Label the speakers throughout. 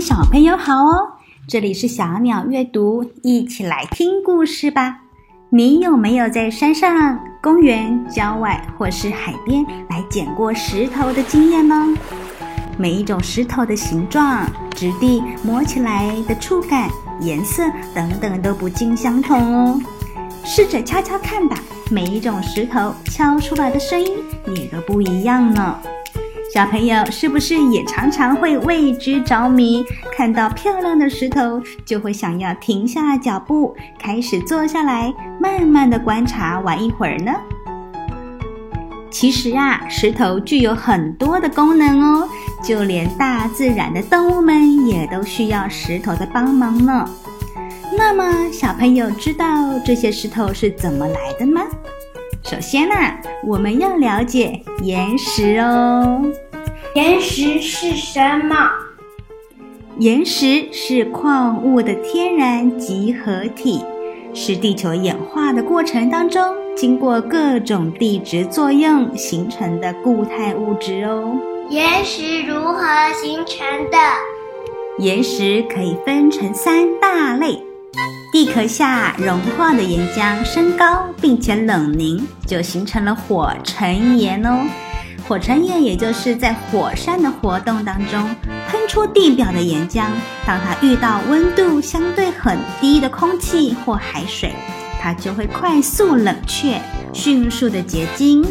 Speaker 1: 小朋友好哦，這裡是小鳥閱讀，一起來聽故事吧。你有沒有在山上、公園、郊外或是海邊來撿過石頭的經驗呢？每一種石頭的形狀、質地、摸起來的觸感、顏色等等都不盡相同哦。試着敲敲看吧，每一種石頭敲出來的聲音也都不一樣呢。小朋友是不是也常常會為之着迷？看到漂亮的石頭，就會想要停下腳步，開始坐下來，慢慢地觀察玩一會兒呢？其實啊，石頭具有很多的功能哦，就連大自然的動物們也都需要石頭的幫忙呢。那麼，小朋友知道這些石頭是怎麼來的嗎？首先呢，我們要了解岩石哦。岩石是什麼？岩石是礦物的天然集合體，是地球演化的過程當中，經過各種地質作用形成的固態物質哦。岩石如何形成的？岩石可以分成三大類。地殼下融化的岩漿升高並且冷凝，就形成了火成岩哦。火成岩也就是在火山的活動當中噴出地表的岩漿，當它遇到溫度相對很低的空氣或海水，它就會快速冷卻，迅速的結晶。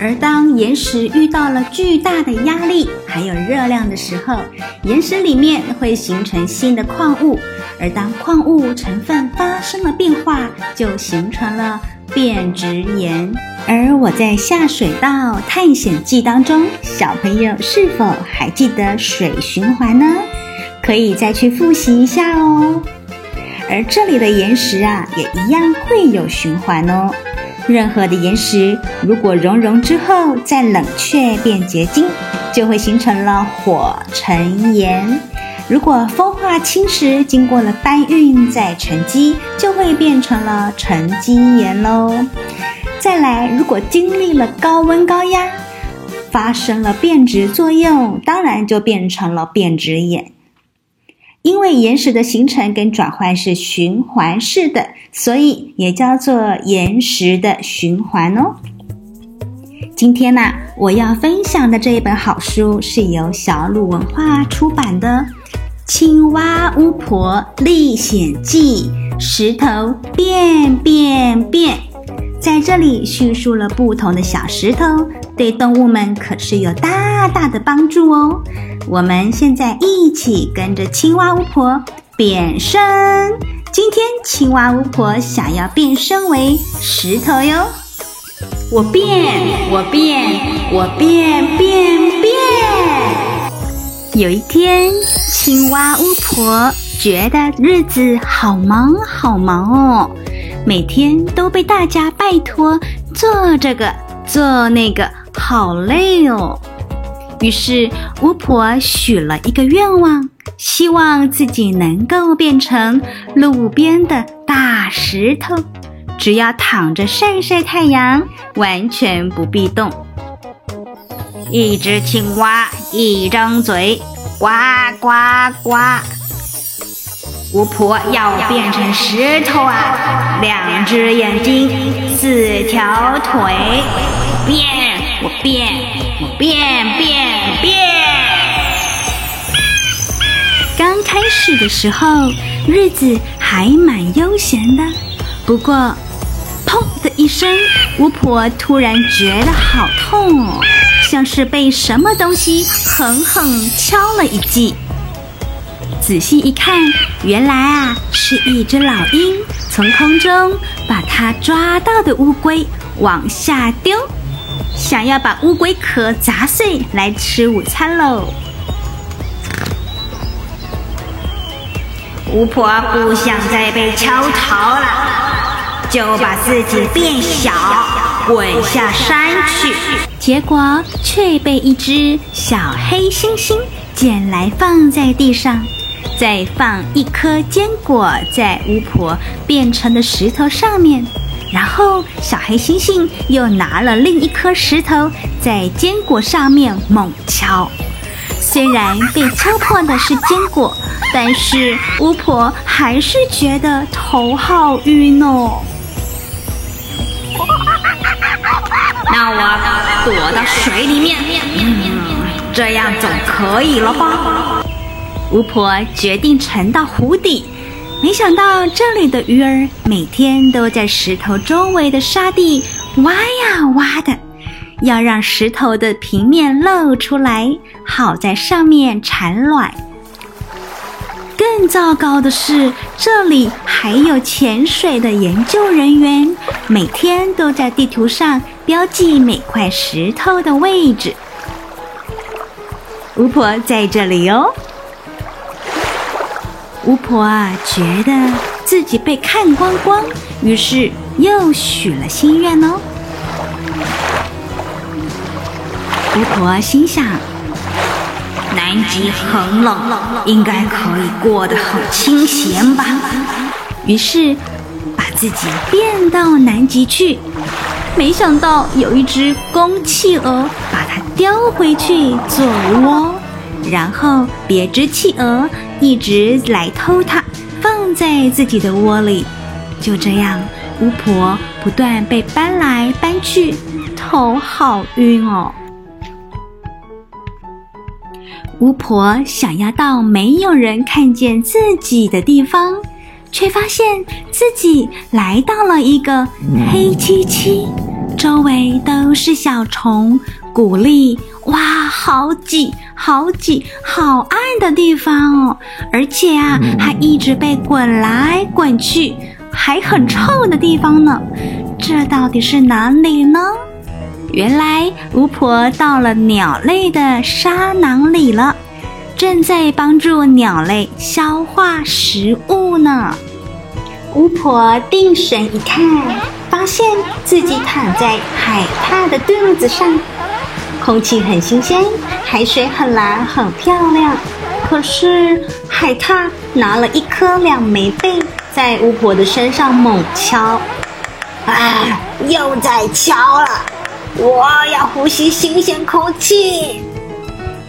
Speaker 1: 而當岩石遇到了巨大的壓力還有熱量的時候，岩石裡面會形成新的礦物；而當礦物成分發生了變化，就形成了變質岩。而我在下水道探險記當中，小朋友是否還記得水循環呢？可以再去複習一下哦。而這裡的岩石啊，也一樣會有循環哦。任何的岩石，如果熔融之後再冷卻變結晶，就會形成了火成岩；如果風化侵蝕，經過了搬運再沉積，就會變成了沉積岩嘍。再來，如果經歷了高溫高壓，發生了變質作用，當然就變成了變質岩。因為岩石的形成跟轉換是循環式的，所以也叫做岩石的循環哦。今天呢、啊，我要分享的這一本好書是由小魯文化出版的《青蛙巫婆歷險記：石頭變變變》。在這裡敘述了不同的小石頭對動物們可是有大大的幫助哦。我們現在一起跟着青蛙巫婆變身。今天青蛙巫婆想要變身為石頭喲。我變，我變，我變，我變變，變。有一天，青蛙巫婆覺得日子好忙好忙哦。每天都被大家拜託做這個做那個，好累哦。於是巫婆許了一個願望，希望自己能夠變成路邊的大石頭，只要躺着曬曬太陽，完全不必動。一隻青蛙，一張嘴，呱呱呱。巫婆要變成石頭啊！兩只眼睛，四條腿，變，我變，我變變變！變變剛開始的時候，日子還蠻悠閒的。不過，砰的一聲，巫婆突然覺得好痛哦，像是被什麼東西狠狠敲了一記。仔細一看，原來啊，是一只老鷹，從空中把它抓到的烏龜往下丟，想要把烏龜殼砸碎來吃午餐嘍。巫婆不想再被敲頭了，就把自己變小，滾下山去，結果卻被一只小黑猩猩撿來放在地上。再放一顆堅果在巫婆變成的石頭上面，然後小黑猩猩又拿了另一顆石頭在堅果上面猛敲。雖然被敲破的是堅果，但是巫婆還是覺得頭好暈哦。那我躲到水裡面，嗯，這樣總可以了吧？巫婆決定沉到湖底，沒想到這裡的魚兒每天都在石頭周圍的沙地挖呀挖的，要讓石頭的平面露出來，好在上面產卵。更糟糕的是，這裡還有潛水的研究人員，每天都在地圖上標記每塊石頭的位置。巫婆在這裡喲。巫婆啊，覺得自己被看光光，於是又許了心願哦。巫婆心想：南極很冷，冷冷冷冷，應該可以過得很清閒吧。吧，於是把自己變到南極去，沒想到有一只公企鵝把它叼回去做窩。然後別隻企鵝一直來偷它，放在自己的窩裡。就這樣，巫婆不斷被搬來搬去，頭好暈哦。巫婆想要到沒有人看見自己的地方，卻發現自己來到了一個黑漆漆，周圍都是小蟲，穀粒。哇，好擠，好擠，好暗的地方哦！而且啊，嗯、還一直被滾來滾去，還很臭的地方呢。這到底是哪裡呢？原來巫婆到了鳥類的沙囊裡了，正在幫助鳥類消化食物呢。巫婆定神一看，發現自己躺在海獺的肚子上。空氣很新鮮，海水很藍，很漂亮。可是海獺拿了一顆兩枚貝，在巫婆的身上猛敲。啊，啊，又在敲了！我要呼吸新鮮空氣，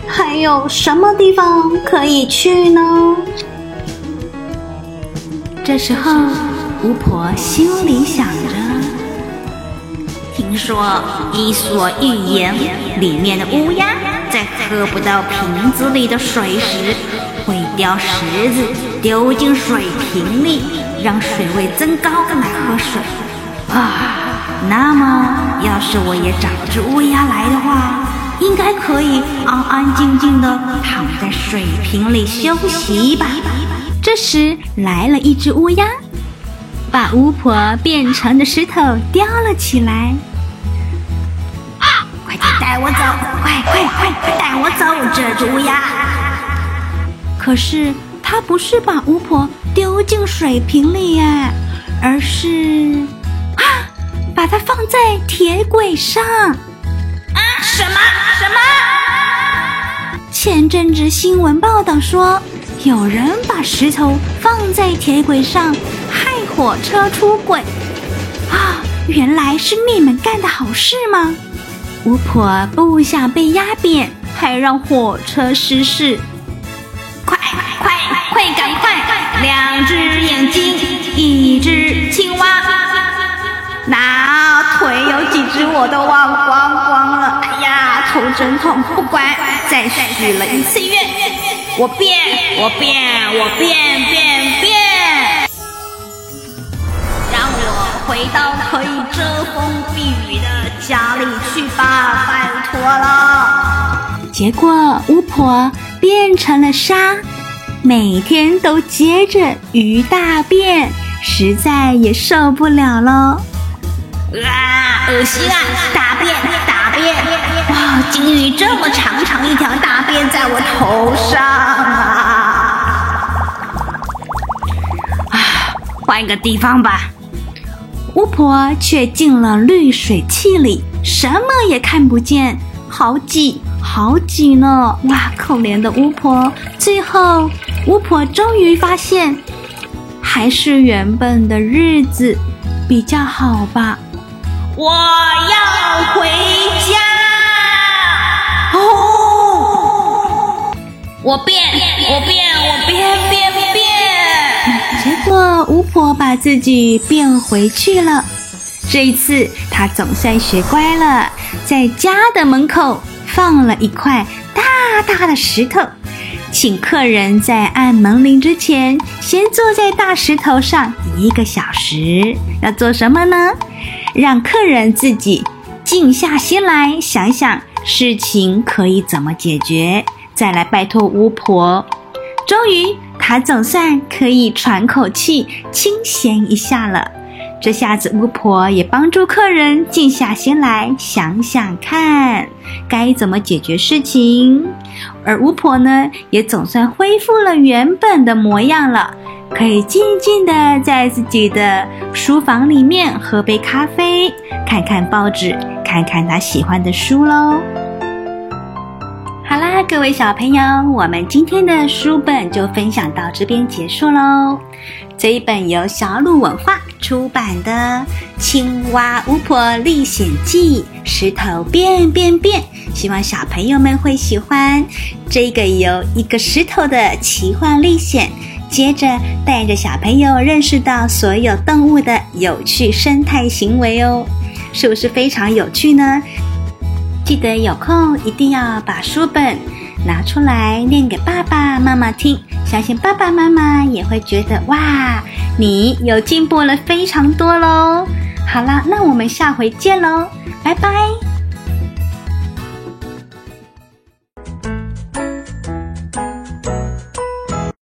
Speaker 1: 還有什麼地方可以去呢？這時候，巫婆心裡想着。聽說《伊索寓言》裡面的烏鴉在喝不到瓶子裡的水時，會叼石子丟進水瓶裡，讓水位增高來喝水。啊，那麼要是我也找只烏鴉來的話，應該可以安安靜靜的躺在水瓶裡休息吧？這時來了一隻烏鴉，把巫婆變成的石頭叼了起來。帶我走，快快快，快，帶我走，這烏鴉！可是他不是把巫婆丟進水瓶裡呀，而是啊，把它放在鐵軌上。啊，什麼什麼啊？前陣子新聞報道說，有人把石頭放在鐵軌上，害火車出軌。啊，原來是你們幹的好事嗎？巫婆不想被壓扁，還讓火車失事。快快快快，趕快！兩只眼睛，一只青蛙，那腿有幾只我都忘光光了。哎呀，頭真痛，不管，再再許了一次願，我變，我變，我變變變，讓我回到可以遮風避雨的。家裡去吧，拜託了。結果巫婆變成了沙，每天都接着魚大便，實在也受不了了。啊，噁心啊！大便，大便！哇，鯨魚這麼長長一條大便在我頭上啊！啊，換個地方吧。巫婆卻進了濾水器裡，什麼也看不見，好擠好擠呢！哇，可憐的巫婆！最後，巫婆終於發現，還是原本的日子比較好吧。我要回家！哦、Oh!，我變，我變，我變變。結果巫婆把自己變回去了。這一次，她總算學乖了，在家的門口放了一塊大大的石頭，請客人在按門鈴之前，先坐在大石頭上一個小時。要做什麼呢？讓客人自己靜下心來，想想事情可以怎麼解決，再來拜託巫婆。終於，他總算可以喘口氣，清閒一下了。這下子巫婆也幫助客人靜下心來，想想看該怎麼解決事情。而巫婆呢，也總算恢復了原本的模樣了，可以靜靜地在自己的書房裡面喝杯咖啡，看看報紙，看看她喜歡的書嘍。好啦，各位小朋友，我們今天的書本就分享到這邊結束嘍。這一本由小魯文化出版的《青蛙巫婆歷險記：石頭變變變》，希望小朋友們會喜歡這個由一個石頭的奇幻歷險，接着帶着小朋友認識到所有動物的有趣生態行為哦，是不是非常有趣呢？記得有空一定要把書本拿出來念給爸爸媽媽聽，相信爸爸媽媽也會覺得哇，你有進步了非常多嘍。好啦，那我們下回見嘍，拜拜。